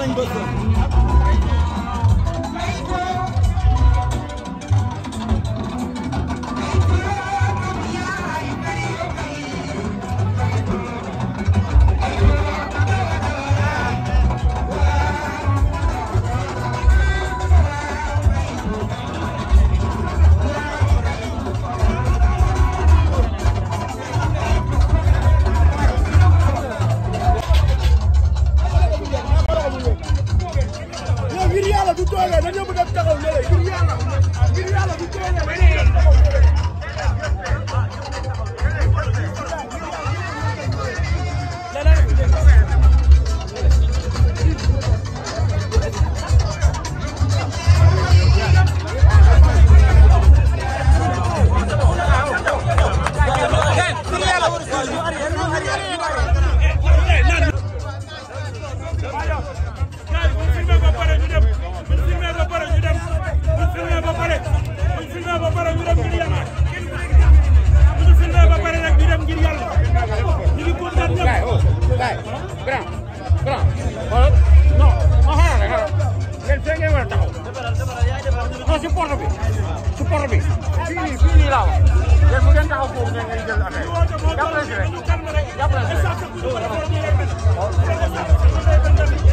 nañ bës bu toolee na ñëpp def taxaw léegi ngir yàlla ngir yàlla bu toolee poto bi su poto bi fii nii fii nii laa wax léegi bu ngeen taxaw foofu ngeen ngeen jël affaire jàppale si rek jàppale si rek